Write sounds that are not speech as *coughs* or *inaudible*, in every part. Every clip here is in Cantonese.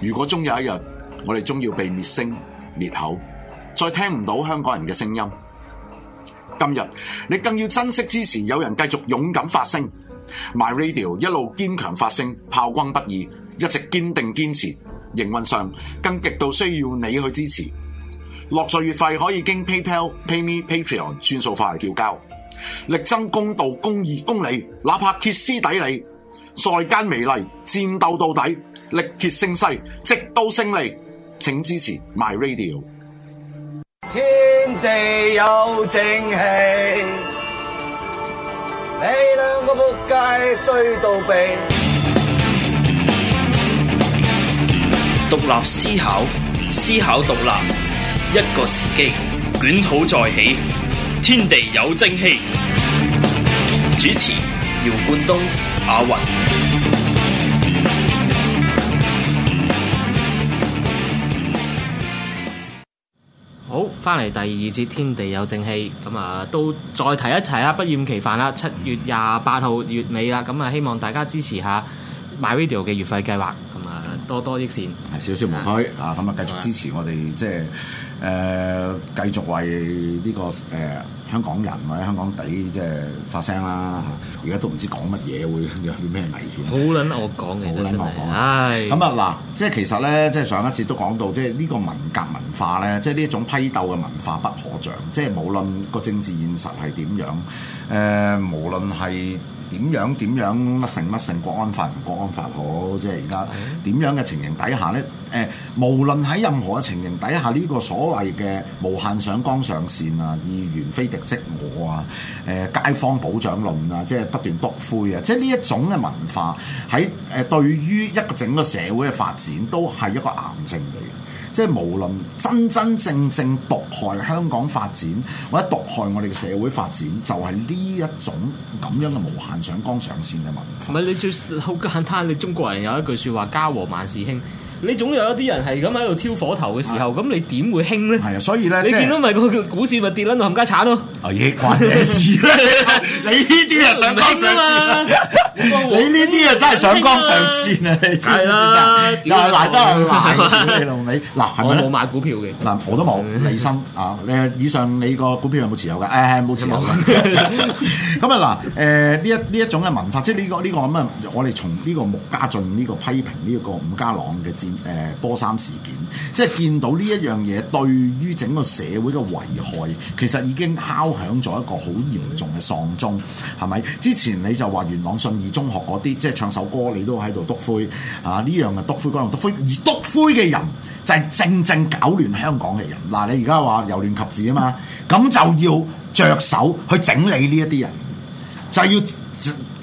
如果終有一日，我哋終要被滅聲滅口，再聽唔到香港人嘅聲音。今日你更要珍惜，支持有人繼續勇敢發聲，MyRadio 一路堅強發聲，炮轟不已，一直堅定堅持。營運上更極度需要你去支持。落座月費可以經 PayPal、PayMe、Patreon 轉數快嚟繳交，力爭公道、公義、公理，哪怕歇斯底里，再奸美麗戰鬥到底。力竭聲勢，直到勝利。請支持 My Radio。天地有正氣，你兩個仆街衰到痹。獨立思考，思考獨立。一個時機，捲土再起。天地有正氣。主持：姚冠東、阿云。好，翻嚟第二節天地有正氣，咁啊都再提一提啊，不厭其煩啦。七、啊、月廿八號月尾啦，咁啊希望大家支持下 MyRadio 嘅月費計劃，咁啊多多益善，係少少無拘啊。咁啊繼續支持我哋，的即係誒、呃、繼續為呢、呢個誒。呃香港人或者香港地即係發聲啦，而家、嗯、都唔知講乜嘢會有啲咩危險。好撚我講嘅，無論我講真係。咁啊嗱，即係、哎、其實咧，即係上一節都講到，即係呢個文革文化咧，即係呢一種批鬥嘅文化不可長，即係無論個政治現實係點樣，誒，無論係。點樣點樣乜成乜成？國安法唔國安法好，即係而家點樣嘅情形底下呢？誒，無論喺任何嘅情形底下，呢、呃這個所謂嘅無限上綱上線啊，議員非敵即我啊，誒、呃、街坊保長論啊，即係不斷篤灰啊，即係呢一種嘅文化喺誒、呃、對於一個整個社會嘅發展都係一個癌症嚟。即係無論真真正正毒害香港發展，或者毒害我哋嘅社會發展，就係呢一種咁樣嘅無限上綱上線嘅文化。唔係，你最好簡單，你中國人有一句説話：家和萬事興。你總有一啲人係咁喺度挑火頭嘅時候，咁你點會興咧？係啊，所以咧，你見到咪個股市咪跌到冚家鏟咯！啊，已經關你事啦！你呢啲啊上綱上線，你呢啲啊真係上綱上線啊！你係啦，又係難得又難，你嗱，係咪冇買股票嘅嗱，我都冇李生啊！誒，以上你個股票有冇持有嘅？誒，冇持有嘅。咁啊嗱，誒呢一呢一種嘅文化，即係呢個呢個咁啊，我哋從呢個穆家俊呢個批評呢個伍家朗嘅誒、呃、波衫事件，即係見到呢一樣嘢，對於整個社會嘅危害，其實已經敲響咗一個好嚴重嘅喪鐘，係咪？之前你就話元朗信義中學嗰啲，即係唱首歌，你都喺度篤灰啊！呢樣啊篤灰，嗰樣篤灰，而篤灰嘅人就係正正搞亂香港嘅人。嗱、啊，你而家話由亂及治啊嘛，咁就要着手去整理呢一啲人，就要。誒誒，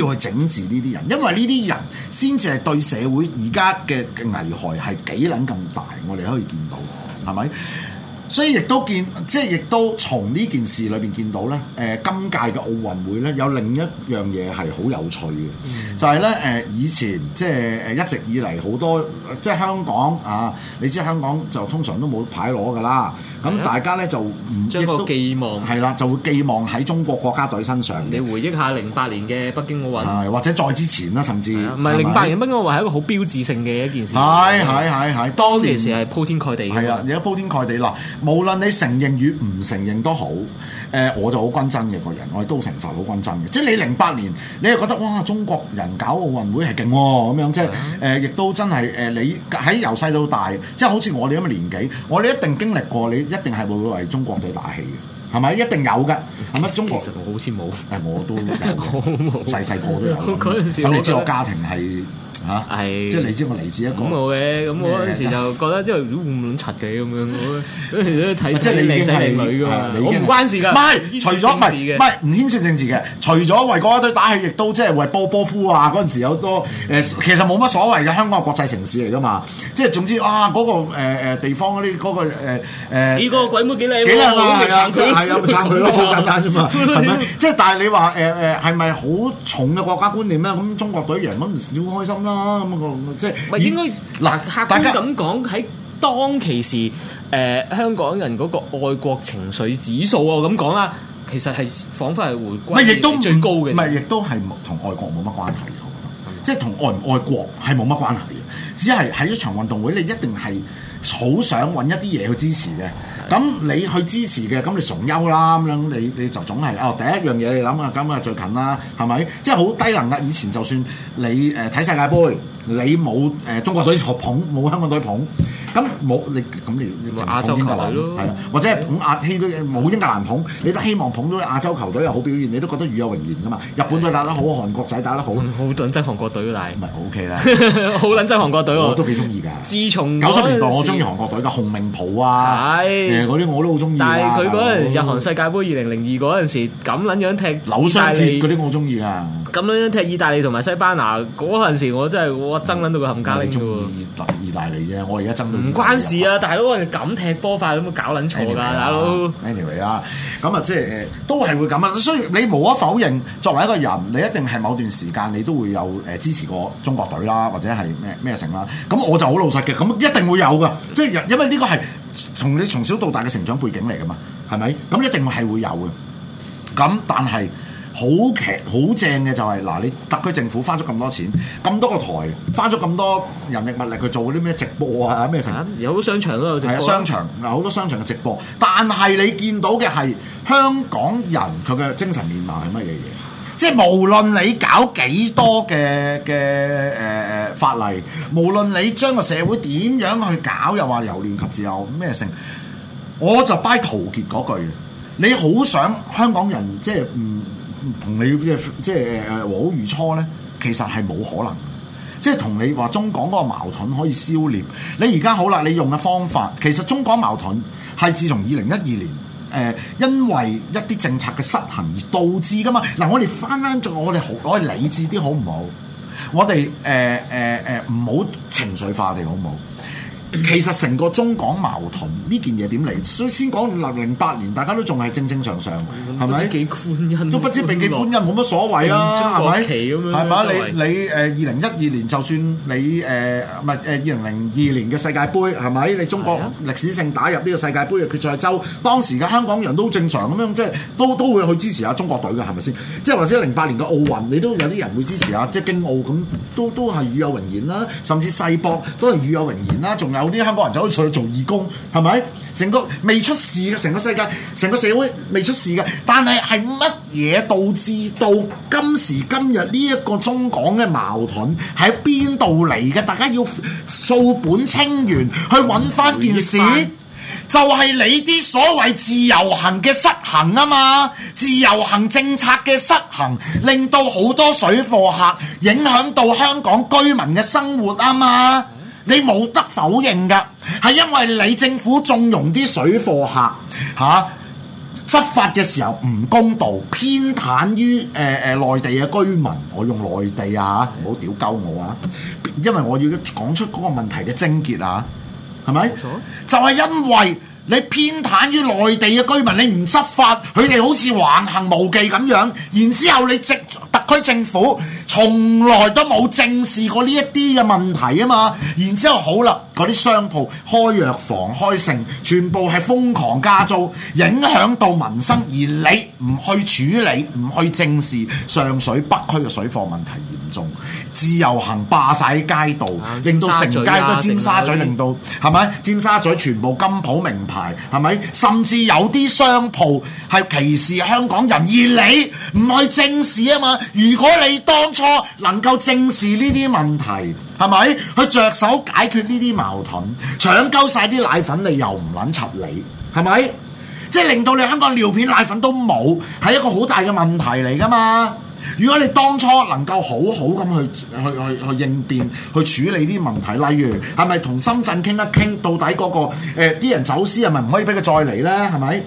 主要去整治呢啲人，因為呢啲人先至係對社會而家嘅危害係幾撚咁大，我哋可以見到，係咪？所以亦都見，即係亦都從呢件事裏邊見到咧。誒，今屆嘅奧運會咧，有另一樣嘢係好有趣嘅，就係咧誒，以前即係誒一直以嚟好多，即係香港啊，你知香港就通常都冇牌攞噶啦。咁大家咧就唔將個寄望係啦，就會寄望喺中國國家隊身上。你回憶下零八年嘅北京奧運，或者再之前啦，甚至唔係零八年北京奧運係一個好標誌性嘅一件事。係係係係，當其時係鋪天蓋地，係啊，而家鋪天蓋地啦。無論你承認與唔承認都好，誒、呃、我就好均真嘅個人，我亦都承受好均真嘅。即係你零八年，你又覺得哇，中國人搞奧運會係勁喎咁樣，即係誒的、呃，亦都真係誒、呃，你喺由細到大，即係好似我哋咁嘅年紀，我哋一定經歷過你，你一定係會為中國隊打氣嘅，係咪？一定有㗎。係咪實？中國其實我好似冇，誒我都細細個都有。嗰陣 *laughs* 有時我，我哋 *laughs* 時知道家庭係。係，即係你知我嚟自一個、嗯、我嘅，咁我嗰陣時就覺得即係亂亂柒嘅咁樣。的我陣時都睇即係你靚仔靚女嘅嘛，我唔關事噶，唔係不，除咗唔係唔牽涉政治嘅，除咗為嗰一隊打氣，亦都即係為波波夫啊嗰陣時有多誒、呃，其實冇乜所謂嘅香港國際城市嚟噶嘛，即係總之啊嗰、那個誒、呃、地方嗰啲嗰個誒誒，呃、個鬼妹幾靚幾靚啊，係啊，係啊，係啊，咪撐佢咯，撐佢咯，係咪？即係但係你話誒誒係咪好重嘅國家觀念咧？咁中國隊贏咁唔少開心啦、啊、～啊咁即係應該嗱？客觀咁講，喺家當其時，誒、呃、香港人嗰個愛國情緒指數啊，咁講啦，其實係彷彿係回歸亦都最高嘅，唔係亦都係同愛國冇乜關係嘅。我覺得，即係同愛唔愛國係冇乜關係嘅的，只係喺一場運動會，你一定係好想揾一啲嘢去支持嘅。咁、嗯嗯、你去支持嘅，咁你崇優啦咁樣，你你就總係哦第一樣嘢你諗啊，咁啊最近啦，係咪？即係好低能嘅。以前就算你誒睇、呃、世界盃，你冇誒、呃、中國隊捧，冇香港隊捧。咁冇你咁你捧亞洲球捧英格蘭咯，係或者捧亞希冇英格蘭捧，你都希望捧到亞洲球隊又好表現，你都覺得與有榮焉噶嘛？日本隊打得好，韓國仔打得好，好撚憎韓國隊咯，咪 O K 啦，好撚憎韓國隊喎，okay、 *laughs* 隊我都幾中意噶。自從九十年代我中意韓國隊噶，洪明浦啊，誒嗰啲我都好中意。但係佢嗰陣日韓世界盃二零零二嗰陣時咁撚樣，樣踢，扭晒。啲我中意啊。咁樣踢意大利同埋西班牙嗰陣時我，我真係我爭捻到個冚家嚟。你仲意意大利啫？我而家爭到唔關事啊！大佬，我哋咁踢波快咁咪搞捻錯噶，大佬。Anyway 啦，咁啊，即係都係會咁啊。所以你無可否認，作為一個人，你一定係某段時間你都會有誒支持過中國隊啦，或者係咩咩成啦。咁我就好老實嘅，咁一定會有噶。即係因為呢個係從你從小到大嘅成長背景嚟噶嘛，係咪？咁一定係會有嘅。咁但係。好劇好正嘅就係、是、嗱，你特區政府花咗咁多錢，咁多個台，花咗咁多人力物力去做啲咩直播啊咩成、啊，有商場都有直播啊，商場，嗱，好多商場嘅直播，但係你見到嘅係香港人佢嘅精神面貌係乜嘢嘢？即係無論你搞幾多嘅嘅誒法例，無論你將個社會點樣去搞，又話由亂及自由咩性，我就拜陶傑嗰句你好想香港人即係唔～、嗯同你即係即係和好如初咧，其實係冇可能。即係同你話中港嗰個矛盾可以消滅，你而家好啦，你用嘅方法其實中港矛盾係自從二零一二年誒，因為一啲政策嘅失衡而導致噶嘛。嗱，我哋翻返轉，我哋好，我哋理智啲好唔好？我哋誒誒誒，唔好情緒化哋好唔好？其實成個中港矛盾呢件嘢點嚟？所以先講嗱，零八年大家都仲係正正常常，係咪、嗯？都吧不知幾歡欣，都不知俾幾歡欣，冇乜、那個、所謂啦、啊，係咪？係咪吧圍？你你誒二零一二年就算你誒唔係二零零二年嘅世界盃係咪？你中國歷史性打入呢個世界盃嘅決賽周，啊、當時嘅香港人都正常咁樣，即係都都會去支持下中國隊嘅係咪先？即係或者零八年嘅奧運，你都有啲人會支持啊，即係京奧咁，都都係與有榮焉啦。甚至世博都係與有榮焉啦，仲有。啲香港人就可以上去做義工，係咪？成個未出事嘅，成個世界，成個社會未出事嘅，但係係乜嘢導致到今時今日呢一個中港嘅矛盾喺邊度嚟嘅？大家要掃本清源，去揾翻件事，就係你啲所謂自由行嘅失衡啊嘛！自由行政策嘅失衡，令到好多水貨客影響到香港居民嘅生活啊嘛！你冇得否認㗎，係因為你政府縱容啲水貨客嚇、啊，執法嘅時候唔公道，偏袒於誒誒、呃呃、內地嘅居民。我用內地啊，唔好屌鳩我啊，因為我要講出嗰個問題嘅症結啊，係咪？冇錯。就係因為你偏袒於內地嘅居民，你唔執法，佢哋好似橫行無忌咁樣，然之後你政特區政府。從來都冇正視過呢一啲嘅問題啊嘛，然之後好啦。嗰啲商鋪開藥房、開剩，全部係瘋狂加租，影響到民生。而你唔去處理、唔去正視上水北區嘅水貨問題嚴重，自由行霸曬街道，啊、令到成街都尖沙咀，啊、令到係咪？尖沙咀全部金鋪名牌係咪？甚至有啲商鋪係歧視香港人，而你唔去正視啊嘛！如果你當初能夠正視呢啲問題。係咪？去着手解決呢啲矛盾，搶鳩晒啲奶粉，你又唔撚插你，係咪？即係令到你香港尿片奶粉都冇，係一個好大嘅問題嚟噶嘛？如果你當初能夠好好咁去去去去應變，去處理啲問題，例如係咪同深圳傾一傾，到底嗰個、呃、啲人走私係咪唔可以俾佢再嚟呢？係咪？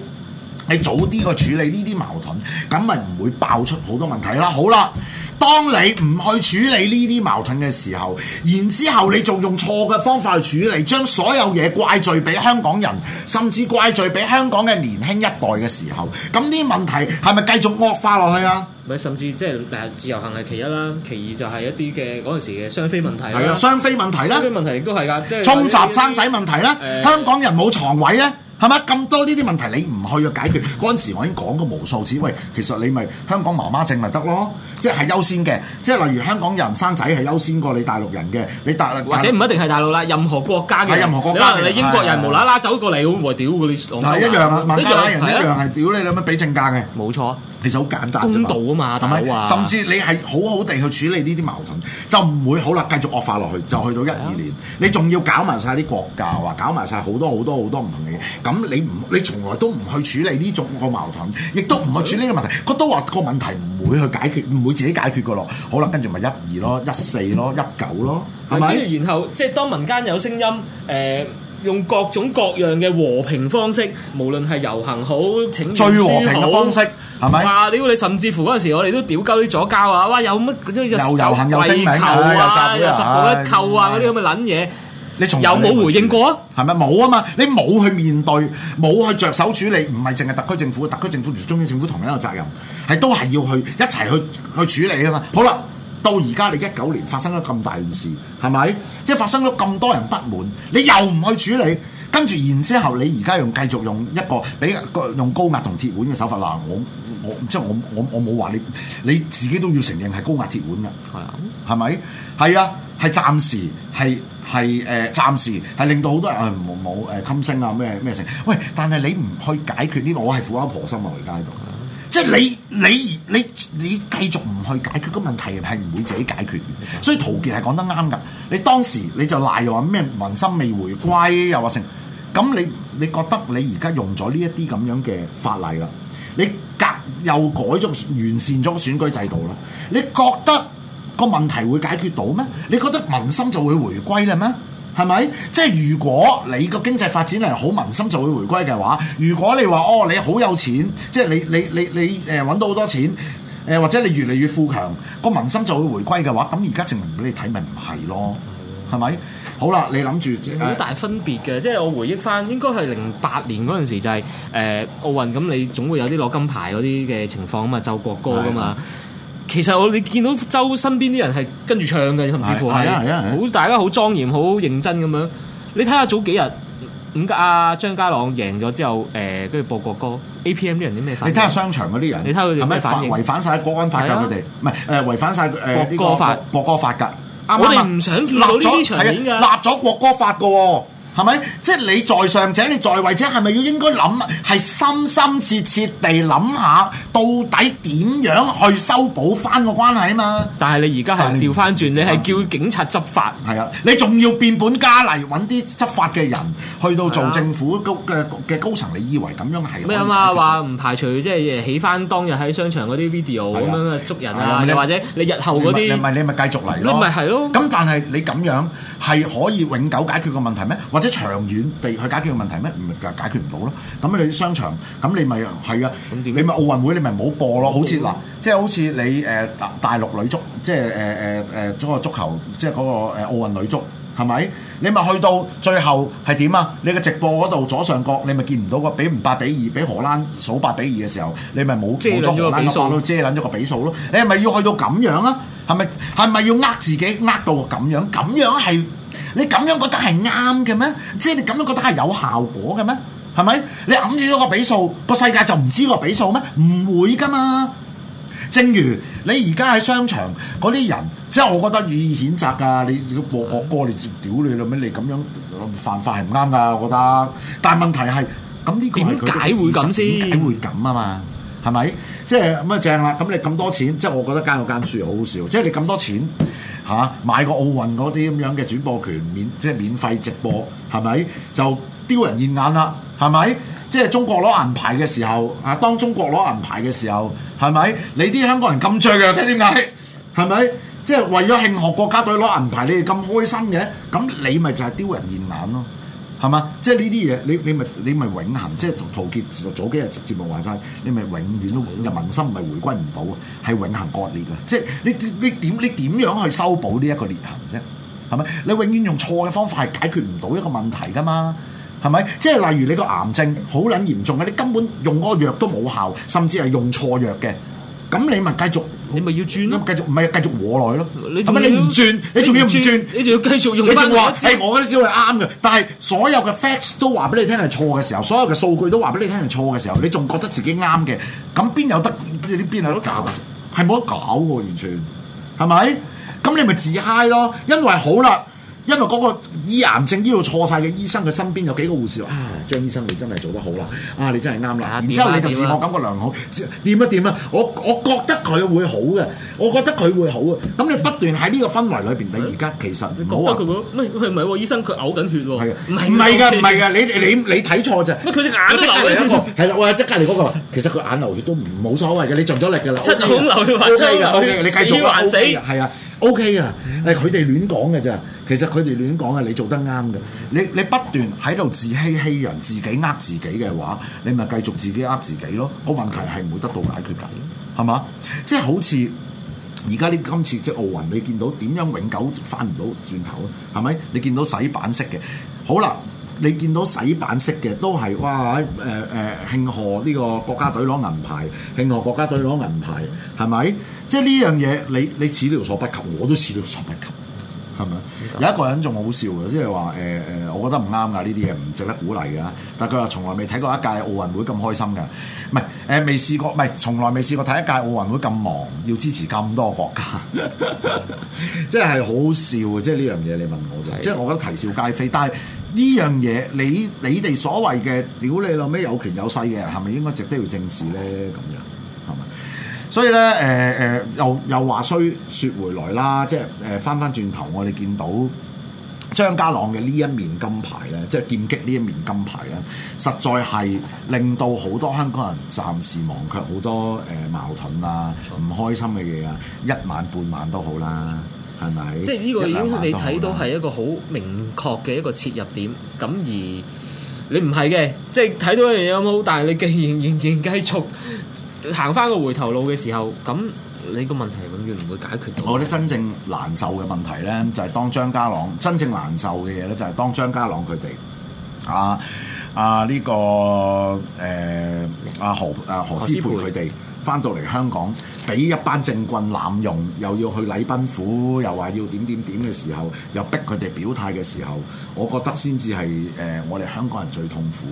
你早啲去處理呢啲矛盾，咁咪唔會爆出好多問題啦。好啦。當你唔去處理呢啲矛盾嘅時候，然後之後你仲用錯嘅方法去處理，將所有嘢怪罪俾香港人，甚至怪罪俾香港嘅年輕一代嘅時候，咁啲問題係咪繼續惡化落去啊？咪甚至即係自由行係其一啦，其二就係一啲嘅嗰陣時嘅雙非問題啊，雙非問題啦，雙非問題亦都係噶，即係衝閘生仔問題啦，呃、香港人冇床位咧。係嘛，咁多呢啲問題你唔去解決嗰陣時，我已經講過無數次。喂，其實你咪香港媽媽證咪得咯，即係係優先嘅。即係例如香港人生仔係優先過你大陸人嘅，你大或者唔一定係大陸啦，任何國家嘅，任何國家，你英國人無啦啦走過嚟，我屌你！係一樣，馬來人一樣係屌你，你咪俾政價嘅。冇錯，其實好簡單，公道啊嘛，甚至你係好好地去處理呢啲矛盾，就唔會好啦，繼續惡化落去，就去到一二年，你仲要搞埋晒啲國教，啊，搞埋晒好多好多好多唔同嘅嘢。咁你唔，你從來都唔去處理呢種個矛盾，亦都唔去處理呢個問題。佢都話個問題唔會去解決，唔會自己解決個咯。好啦，跟住咪一二咯，一四咯，一九咯，係咪？跟住然後即係當民間有聲音，誒用各種各樣嘅和平方式，無論係遊行好請，最和平嘅方式係咪啊？你要你甚至乎嗰陣時，我哋都屌鳩啲左膠啊！哇，有乜嗰啲又遊行又聲鳩啊，又十步一扣啊，嗰啲咁嘅撚嘢。你有冇回應過 *noise* 啊？係咪冇啊嘛？你冇去面對，冇去着手處理，唔係淨係特區政府，特區政，政府同中央政府同樣一個責任，係都係要去一齊去去處理啊嘛。好啦，到而家你一九年發生咗咁大件事，係咪？即係發生咗咁多人不滿，你又唔去處理，跟住然之後你，你而家用繼續用一個比用高壓同鐵腕嘅手法嗱，我我即係我我我冇話你你自己都要承認係高壓鐵腕㗎，係啊，係咪？係啊，係暫時係。係誒，呃、暫時係令到好多人冇誒襟聲啊！咩咩成？喂，但係你唔去解決呢個，我係苦口婆心啊！我而家喺度，即係你你你你繼續唔去解決個問題，係唔會自己解決。所以陶傑係講得啱㗎。你當時你就賴又話咩民心未回歸，又話成咁你你覺得你而家用咗呢一啲咁樣嘅法例啦，你革又改咗完善咗個選舉制度啦，你覺得個問題會解決到咩？你覺得民心就會回歸啦咩？係咪？即係如果你個經濟發展嚟好、哦，民心就會回歸嘅話。如果你話哦，你好有錢，即係你你你你誒揾到好多錢，誒或者你越嚟越富強，個民心就會回歸嘅話，咁而家證明俾你睇，咪唔係咯？係咪？好啦，你諗住好大分別嘅。呃、即係我回憶翻、就是，應該係零八年嗰陣時就係誒奧運，咁你總會有啲攞金牌嗰啲嘅情況啊嘛，奏國歌噶嘛。其實我哋見到周身邊啲人係跟住唱嘅，甚至乎係好大家好莊嚴，好認真咁樣。你睇下早幾日，五啊張家朗贏咗之後，誒跟住播國歌，APM 啲人啲咩反應？你睇下商場嗰啲人，你睇下佢哋有咩反應？違反晒國安法㗎，佢哋唔係誒違反晒誒，呃、國歌法國歌法㗎，哦。我哋唔想見到呢啲場面㗎，立咗國歌法㗎喎。係咪？即係你在上者，你在位者，係咪要應該諗？係深深切切地諗下，到底點樣去修補翻個關係啊？嘛！但係你而家係調翻轉，你係叫警察執法。係啊，啊！你仲要變本加厲，揾啲執法嘅人去到做政府高嘅嘅高層，你以為咁樣係咩啊？嘛話唔排除即係起翻當日喺商場嗰啲 video 咁、啊、樣啊捉人啊，你、啊、或者你日後嗰啲咪你咪繼續嚟咯？咪係咯。咁但係你咁樣。係可以永久解決個問題咩？或者長遠地去解決個問題咩？唔係解決唔到咯。咁你商場，咁你咪係啊？你咪奧運會，你咪冇播咯。好似嗱，即、啊、係、就是、好似你誒大、呃、大陸女足，即係誒誒誒中國足球，即係嗰個誒奧運女足係咪？你咪去到最後係點啊？你個直播嗰度左上角，你咪見唔到個比唔八比二，比荷蘭數八比二嘅時候，你咪冇遮擋咗個比數咯。遮擋咗個比數咯。你係咪要去到咁樣啊？係咪，係咪要呃自己呃到咁樣？咁樣係你咁樣覺得係啱嘅咩？即係你咁樣覺得係有效果嘅咩？係咪？你揞住咗個比數，個世界就唔知個比數咩？唔會噶嘛。正如你而家喺商場嗰啲人，即係我覺得予以譴責噶，你如果播國歌，你屌你咯咩？你咁樣你犯法係唔啱噶，我覺得。但係問題係咁，呢個點解會咁先？點解會咁啊？嘛？係咪？即係咁啊正啦！咁你咁多錢，即係我覺得間有間書好好笑。即係你咁多錢嚇、啊、買個奧運嗰啲咁樣嘅轉播權免，即係免費直播，係咪？就丟人現眼啦，係咪？即係中國攞銀牌嘅時候啊，當中國攞銀牌嘅時候，係咪？你啲香港人咁雀躍嘅，你點解？係咪？即係為咗慶賀國家隊攞銀牌，你哋咁開心嘅，咁你咪就係丟人現眼咯。係嘛？即係呢啲嘢，你你咪你咪永恆，即係陶陶傑早幾日節目話齋，你咪永遠都永，人民心咪回歸唔到啊，係永恆割裂㗎。即係你你點你點樣去修補呢一個裂痕啫？係咪？你永遠用錯嘅方法係解決唔到一個問題㗎嘛？係咪？即係例如你個癌症好撚嚴重嘅，你根本用嗰個藥都冇效，甚至係用錯藥嘅。咁你咪繼續，你咪要轉咯，繼續唔係繼續和耐咯。咁你唔轉，你仲要唔轉，你仲要繼續用翻啲資料，話係我嗰啲資料啱嘅，但係所有嘅 facts 都話俾你聽係錯嘅時候，所有嘅數據都話俾你聽係錯嘅時候，你仲覺得自己啱嘅，咁邊有得？呢邊有得搞啊？係冇得搞喎，完全係咪？咁你咪自嗨咯，因為好啦。因為嗰個醫癌症醫到錯晒嘅醫生嘅身邊有幾個護士話：啊，張醫生你真係做得好啦！啊，你真係啱啦！然之後你就自我感覺良好，掂一掂啦。我我覺得佢會好嘅，我覺得佢會好嘅。咁你不斷喺呢個氛圍裏邊，你而家其實覺佢唔佢唔係喎，醫生佢嘔緊血喎。係唔係？唔係㗎，唔係㗎。你你你睇錯咋？佢隻眼睛流嚟一個係啦，我即刻嚟嗰個。其實佢眼流血都冇所謂嘅，你盡咗力㗎啦。七孔流血，還七孔流血，你繼續死係啊！O K 啊，係佢哋亂講嘅咋。其實佢哋亂講嘅，你做得啱嘅。你你不斷喺度自欺欺人，自己呃自己嘅話，你咪繼續自己呃自己咯。個問題係唔會得到解決嘅，係嘛？即係好似而家呢今次即係奧運，你見到點樣永久翻唔到轉頭啊？係咪？你見到洗版式嘅，好啦。你見到洗版式嘅，都係哇，誒誒、呃、慶賀呢個國家隊攞銀牌，慶賀國家隊攞銀牌，係咪？即係呢樣嘢，你你始料所不及，我都始料所不及，係咪？嗯、有一個人仲好笑嘅，即係話誒誒，我覺得唔啱㗎，呢啲嘢唔值得鼓勵嘅。但係佢話從來未睇過一屆奧運會咁開心嘅，唔係誒未試過，唔係從來未試過睇一屆奧運會咁忙，要支持咁多國家，即 *laughs* 係好笑嘅。即係呢樣嘢，你問我的就即係我覺得啼笑皆非，但係。呢樣嘢，你你哋所謂嘅屌你老咩有權有勢嘅人，係咪應該值得要正視咧？咁樣係咪？所以咧，誒、呃、誒、呃，又又話雖説回來啦，即係誒返返轉頭，我哋見到張家朗嘅呢一面金牌咧，即係劍擊呢一面金牌咧，實在係令到好多香港人暫時忘卻好多誒、呃、矛盾啊、唔開心嘅嘢啊，一晚半晚都好啦。係咪？是是即係呢個已經你睇到係一個好明確嘅一個切入點。咁而你唔係嘅，即係睇到一樣嘢有冇？但係你既然仍然繼續行翻個回頭路嘅時候，咁你個問題永遠唔會解決到。我覺得真正難受嘅問題咧，就係、是、當張家朗真正難受嘅嘢咧，就係當張家朗佢哋啊啊呢、這個誒阿、呃啊、何阿、啊、何詩蓓佢哋翻到嚟香港，俾一班政棍濫用，又要去禮賓府，又話要點點點嘅時候，又逼佢哋表態嘅時候，我覺得先至係誒，我哋香港人最痛苦。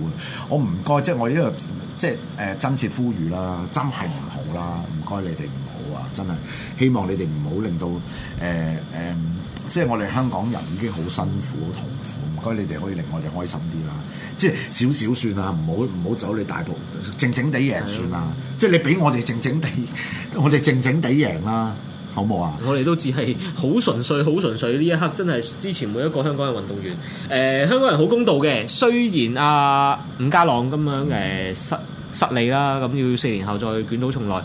我唔該，即係我呢度，即係誒真切呼籲啦，真係唔好啦，唔該你哋唔好啊，真係希望你哋唔好令到誒誒。呃呃即係我哋香港人已經好辛苦、好痛苦，唔該你哋可以令我哋開心啲啦。即係少少算啦，唔好唔好走你大步，靜靜地贏算啦。是的 即係你俾我哋靜靜地，我哋靜靜地贏啦，好冇啊？我哋都只係好純粹、好純粹。呢一刻真係支持每一個香港嘅運動員，誒、呃、香港人好公道嘅。雖然啊，伍家朗咁樣誒失失利啦，咁要四年後再捲土重來。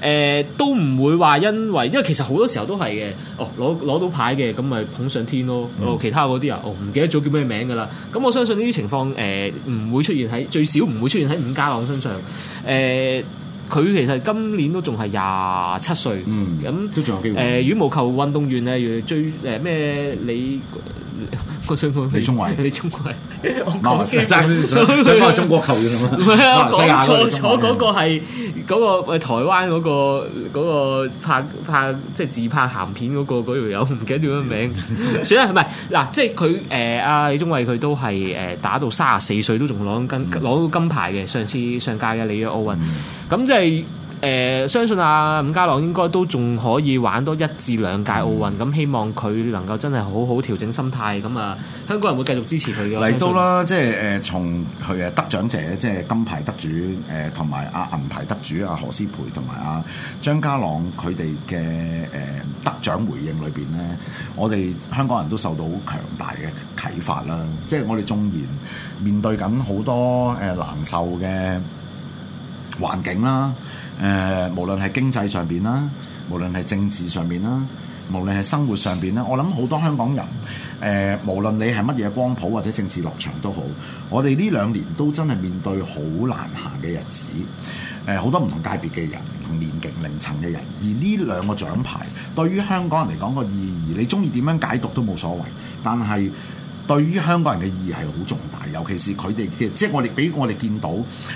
誒、呃、都唔會話因為，因為其實好多時候都係嘅。哦，攞攞到牌嘅，咁咪捧上天咯。嗯、哦，其他嗰啲啊，哦，唔記得咗叫咩名㗎喇。咁我相信呢啲情況誒唔、呃、會出現喺最少唔會出現喺伍家朗身上。誒、呃，佢其實今年都仲係廿七歲，嗯，咁那都仲有機會。誒、呃，羽毛球運動員咧，最誒咩你？李宗偉，李宗偉， *laughs* 我講說嘅起，最多係中國球員啊，唔係啊，我講錯咗，嗰個係嗰個誒台灣嗰個嗰個拍拍即係自拍鹹片嗰個嗰條友，唔記得叫咩名算 *laughs* 啦，唔係嗱，即係佢誒阿李宗偉佢都係誒打到三十四歲都仲攞金攞到金牌嘅，上次上屆嘅里約奧運，咁即係。誒、呃，相信阿、啊、伍家朗應該都仲可以玩多一至兩屆奧運，咁、嗯、希望佢能夠真係好好調整心態，咁啊，香港人會繼續支持佢嘅。嚟到啦，相即係誒，從佢誒得獎者，即係金牌得主誒，同埋阿銀牌得主阿何詩蓓同埋阿張家朗佢哋嘅誒得獎回應裏邊咧，我哋香港人都受到好強大嘅啟發啦。即係我哋縱然面對緊好多誒難受嘅環境啦。誒、呃，無論係經濟上面啦，無論係政治上面啦，無論係生活上面啦，我諗好多香港人，誒、呃，無論你係乜嘢光譜或者政治立場都好，我哋呢兩年都真係面對好難行嘅日子。誒、呃，好多唔同界別嘅人，同年齡層嘅人，而呢兩個獎牌對於香港人嚟講個意義，你中意點樣解讀都冇所謂，但係。對於香港人嘅意義係好重大，尤其是佢哋嘅，即係我哋畀我哋見到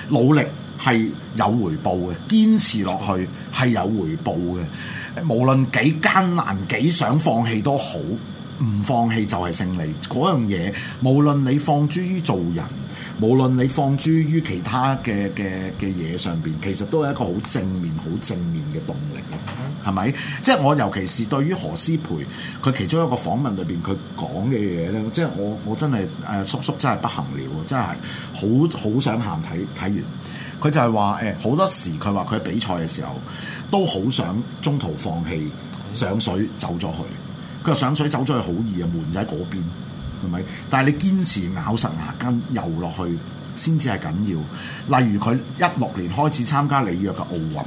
努力係有回報嘅，堅持落去係有回報嘅，無論幾艱難幾想放棄都好，唔放棄就係勝利。嗰樣嘢無論你放諸於做人。無論你放諸於其他嘅嘅嘅嘢上邊，其實都係一個好正面、好正面嘅動力咯，係咪？即係我尤其是對於何詩蓓，佢其中一個訪問裏邊佢講嘅嘢咧，即係我我真係誒、啊、叔叔真係不行了，真係好好想行睇睇完。佢就係話誒，好、欸、多時佢話佢喺比賽嘅時候都好想中途放棄上水走咗去。佢話上水走咗去好易啊，門就喺嗰邊。係咪？但係你堅持咬實牙根遊落去，先至係緊要。例如佢一六年開始參加里約嘅奧運，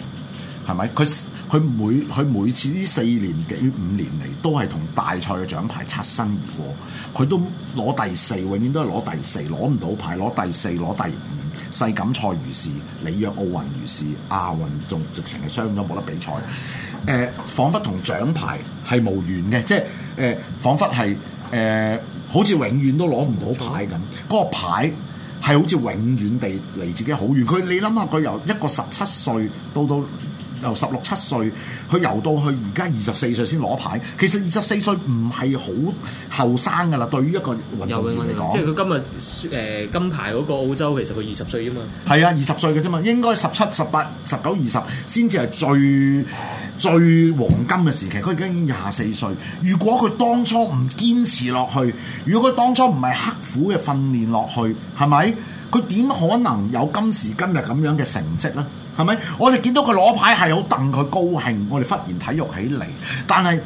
係咪？佢佢每佢每次呢四年幾五年嚟，都係同大賽嘅獎牌擦身而過。佢都攞第四，永遠都係攞第四，攞唔到牌，攞第四，攞第五。世錦賽如是，里約奧運如是，亞運仲直情係相當冇得比賽。誒、呃，彷彿同獎牌係無緣嘅，即係誒，彷彿係誒。好似永遠都攞唔到牌咁，嗰個牌係好似永遠地離自己好遠。佢你諗下，佢由一個十七歲到到。由十六七歲，佢游到去而家二十四歲先攞牌。其實二十四歲唔係好後生㗎啦，對於一個運動員嚟講，的即係佢今日誒、呃、金牌嗰個澳洲，其實佢二十歲啫嘛。係啊，二十歲嘅啫嘛，應該十七、十八、十九、二十先至係最最黃金嘅時期。佢而家已經廿四歲。如果佢當初唔堅持落去，如果佢當初唔係刻苦嘅訓練落去，係咪？佢點可能有今時今日咁樣嘅成績呢？係咪？我哋見到佢攞牌係好替佢高興，我哋忽然體育起嚟。但係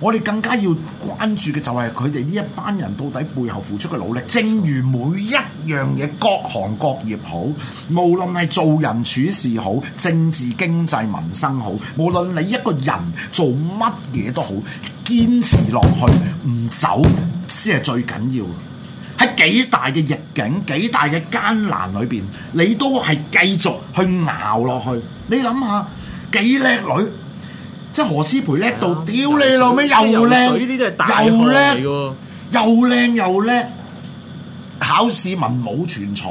我哋更加要關注嘅就係佢哋呢一班人到底背後付出嘅努力。正如每一樣嘢，各行各業好，無論係做人處事好，政治經濟民生好，無論你一個人做乜嘢都好，堅持落去唔走先係最緊要。幾大嘅逆境，幾大嘅艱難裏邊，你都係繼續去熬落去。你諗下，幾叻女，即係何詩蓓叻到屌你老味，又靚又叻，又靚又叻，考試文武全才，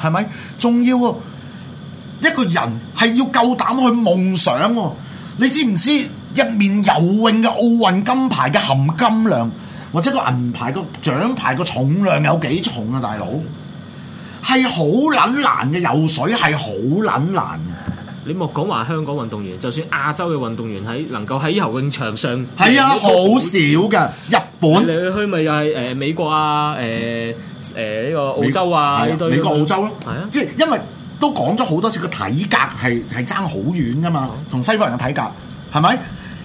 係咪？仲要一個人係要夠膽去夢想。你知唔知一面游泳嘅奧運金牌嘅含金量？或者個銀牌個獎牌個重量有幾重啊，大佬係好撚難嘅，游水係好撚難啊！你莫講話香港運動員，就算亞洲嘅運動員喺能夠喺游泳場上，係啊，好少㗎。日本你去咪又係誒美國啊，誒誒呢個澳洲啊，呢美、啊、美國澳洲咯，係啊，即係因為都講咗好多次，個體格係係爭好遠噶嘛，同、嗯、西方人嘅體格係咪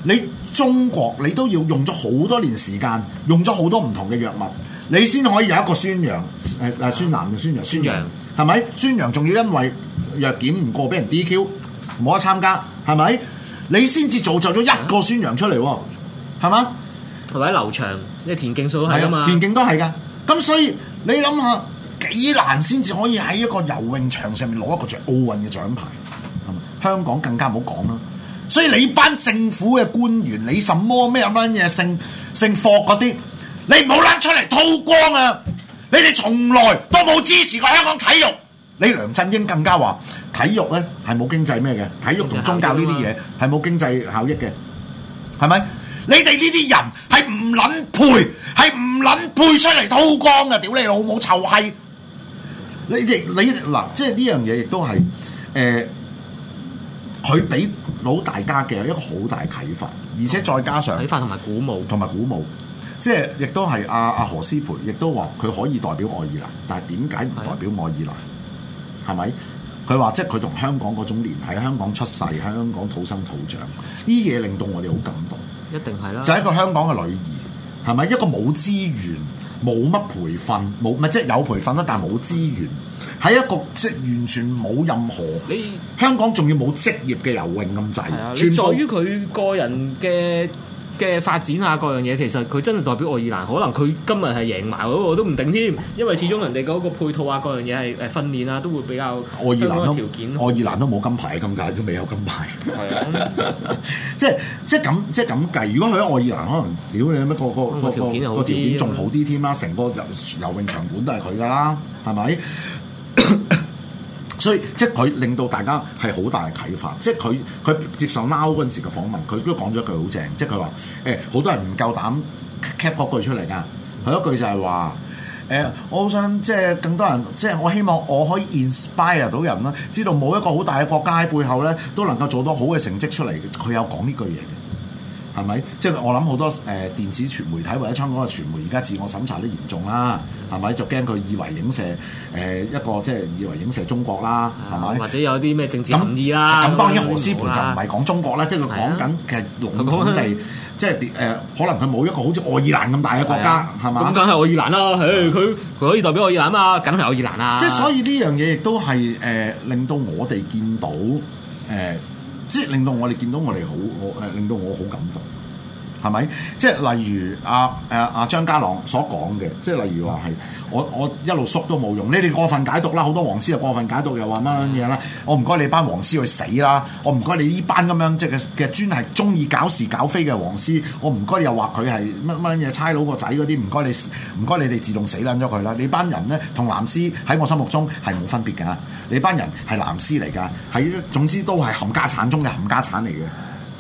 你？中國你都要用咗好多年時間，用咗好多唔同嘅藥物，你先可以有一個孫楊，誒誒孫楠定孫楊？孫楊係咪？孫楊仲要因為藥檢唔過，俾人 DQ，冇得參加係咪？你先至造就咗一個孫楊出嚟喎，係嗎？同埋劉翔，因為田徑數都係啊嘛，田徑都係噶。咁所以你諗下幾難先至可以喺一個游泳場上面攞一個獎奧運嘅獎牌係咪？香港更加唔好講啦。所以你班政府嘅官員，你什麼咩咁樣嘢，姓姓霍嗰啲，你唔好撚出嚟偷光啊！你哋從來都冇支持過香港體育。你梁振英更加話體育咧係冇經濟咩嘅，體育同宗教呢啲嘢係冇經濟效益嘅，係咪？你哋呢啲人係唔撚配，係唔撚配出嚟偷光嘅，屌你老母臭閪！你哋，你嗱，即係呢樣嘢亦都係誒，佢、呃、俾。老大家嘅，一個好大啟發，而且再加上、嗯、啟發同埋鼓舞，同埋鼓舞，即係亦都係阿阿何詩蓓，亦都話佢可以代表愛爾蘭，但係點解唔代表愛爾蘭？係咪的？佢話即係佢同香港嗰種聯繫，喺香港出世，喺香港土生土長，呢嘢令到我哋好感動，嗯、一定係啦，就係一個香港嘅女兒，係咪一個冇資源？冇乜培訓，冇咪即係有培訓啦，但係冇資源，喺一個即係完全冇任何。你香港仲要冇職業嘅游泳咁滯，存的部在於佢個人嘅。嘅發展啊，各樣嘢其實佢真係代表愛爾蘭，可能佢今日係贏埋，我都唔定添。因為始終人哋嗰個配套啊，各樣嘢係誒訓練啊，都會比較愛爾蘭條件？愛爾蘭都冇金牌咁解，都未有金牌。係啊，即係即係咁，即係咁計。如果去愛爾蘭，可能屌你乜個個個個條件好個條件仲好啲添啦，成、嗯、個游泳場館都係佢噶啦，係咪？ *coughs* 所以即係佢令到大家係好大嘅啟發，即係佢佢接受 now 嗰陣時嘅訪問，佢都講咗一句好正，即係佢話，誒、欸、好多人唔夠膽 cap 嗰句出嚟㗎，佢、mm hmm. 一句就係話，誒、欸、我好想即係更多人即係我希望我可以 inspire 到人啦，知道冇一個好大嘅國家喺背後咧都能夠做到好嘅成績出嚟，佢有講呢句嘢。係咪？即係我諗好多誒電子傳媒體或者香港嘅傳媒，而家自我審查都嚴重啦。係咪就驚佢以為影射誒一個即係以為影射中國啦？係咪？或者有啲咩政治含義啦？咁當然，何詩蓓就唔係講中國啦，即係佢講緊其實農土地，即係誒可能佢冇一個好似愛爾蘭咁大嘅國家，係嘛？咁梗係愛爾蘭啦，啊，佢佢可以代表愛爾蘭啊嘛，梗係愛爾蘭啊！蘭啊，即係所以呢樣嘢亦都係誒令到我哋見到誒。呃呃即係令到我哋見到我哋好，好，誒令到我好感動。係咪？即係例如阿誒阿張家朗所講嘅，即係例如話係我我一路縮都冇用。你哋過分解讀啦，好多黃絲又過分解讀，又話乜乜嘢啦。我唔該你班黃絲去死啦！我唔該你呢班咁樣即係嘅嘅專係鍾意搞事搞非嘅黃絲，我唔該你又話佢係乜乜嘢差佬個仔嗰啲，唔該你唔該你哋自動死撚咗佢啦！你班人咧同藍絲喺我心目中係冇分別㗎，你班人係藍絲嚟㗎，係總之都係冚家產中嘅冚家產嚟嘅，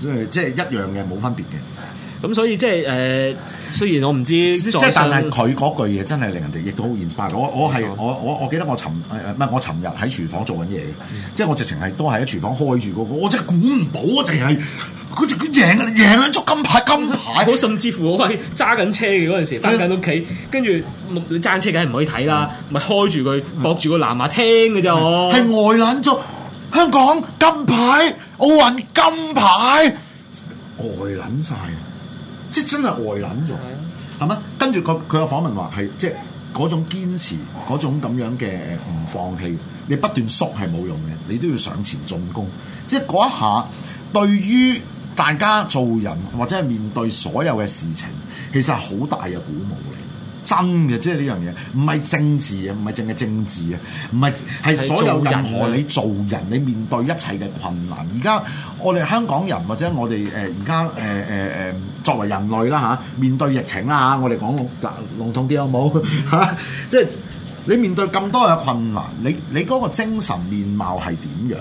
所以即係一樣嘅冇分別嘅。咁、嗯、所以即係誒、呃，雖然我唔知，即係但係佢嗰句嘢真係令人哋亦都好 inspire。我我係錯我我我記得我尋，誒唔係我尋日喺廚房做緊嘢，即係我直情係都喺廚房開住嗰，那個，我真係估唔到啊！直情係佢直佢贏啊咗啊！金牌金牌，我、嗯、甚至乎我係揸緊車嘅嗰陣時翻緊屋企，跟住、嗯嗯、你揸車梗係唔可以睇啦，咪、嗯、開住佢駁住個藍牙聽嘅啫，我係、嗯、外撚足香港金牌奧運金牌，外撚晒。即真係外撚咗，係嘛？跟住佢佢個訪問話係，即係嗰種堅持，嗰種咁樣嘅唔放棄，你不斷縮係冇用嘅，你都要上前進攻。即係嗰一下，對於大家做人或者係面對所有嘅事情，其實係好大嘅鼓舞嚟。真嘅，即係呢樣嘢，唔係政治啊，唔係淨係政治啊，唔係係所有任何你做人，你面對一切嘅困難。而家我哋香港人或者我哋誒而家誒誒誒，作為人類啦吓、啊，面對疫情啦吓、啊，我哋講籠統啲好冇吓、啊，即係你面對咁多嘅困難，你你嗰個精神面貌係點樣？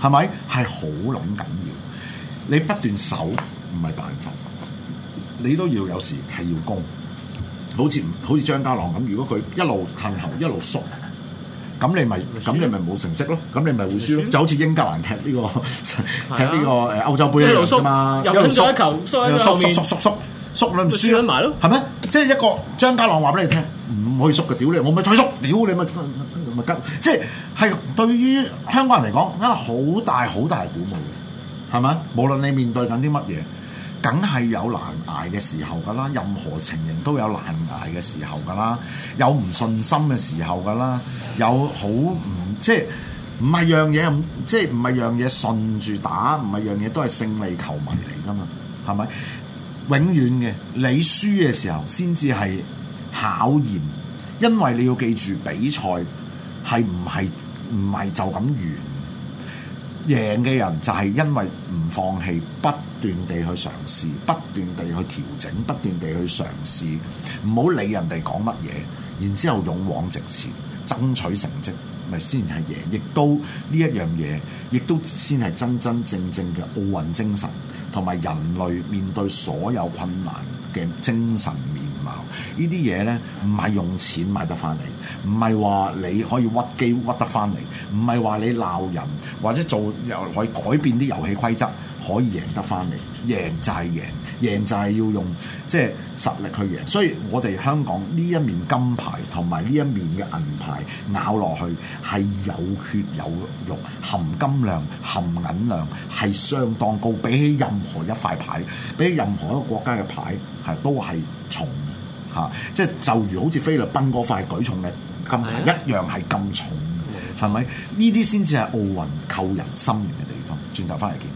係咪係好捻緊要？你不斷守唔係辦法，你都要有時係要攻。好似好似張家朗咁，如果佢一路騰頭一路縮，咁你咪咁輸你咪冇成績咯，咁你咪會輸咯，輸就好似英格蘭踢呢、呢個、啊、踢呢個誒歐洲杯一樣啫嘛，一路縮一球縮一球，縮縮縮縮縮縮縮，你唔輸緊埋咯，係咪？嗎嗯、即係一個張家朗話俾你聽，唔可以縮嘅，屌你，我咪再退縮，屌你咪咪咪即係係對於香港人嚟講，一個好大好大，大鼓舞嘅，係咪？無論你面對緊啲乜嘢。梗係有難捱嘅時候㗎啦，任何情形都有難捱嘅時候㗎啦，有唔信心嘅時候㗎啦，有好唔即係唔係樣嘢即係唔係樣嘢順住打，唔係樣嘢都係勝利球迷嚟㗎嘛，係咪？永遠嘅，你輸嘅時候先至係考驗，因為你要記住比賽係唔係唔係就咁完。贏嘅人就係因為唔放棄，不斷地去嘗試，不斷地去調整，不斷地去嘗試，唔好理人哋講乜嘢，然之後勇往直前，爭取成績，咪先係贏。亦都呢一樣嘢，亦都先係真真正正嘅奧運精神，同埋人類面對所有困難嘅精神。呢啲嘢呢，唔係用錢買得翻嚟，唔係話你可以屈機屈得翻嚟，唔係話你鬧人或者做又可以改變啲遊戲規則可以贏得翻嚟，贏就係贏，贏就係要用即係、即係、實力去贏。所以，我哋香港呢一面金牌同埋呢一面嘅銀牌咬落去係有血有肉，含金量含銀量係相當高，比起任何一塊牌，比起任何一個國家嘅牌係都係重。吓，即係就如好似菲律賓塊舉重嘅金牌一樣係咁重，係咪、啊？呢啲先至係奧運扣人心弦嘅地方。轉頭翻嚟見。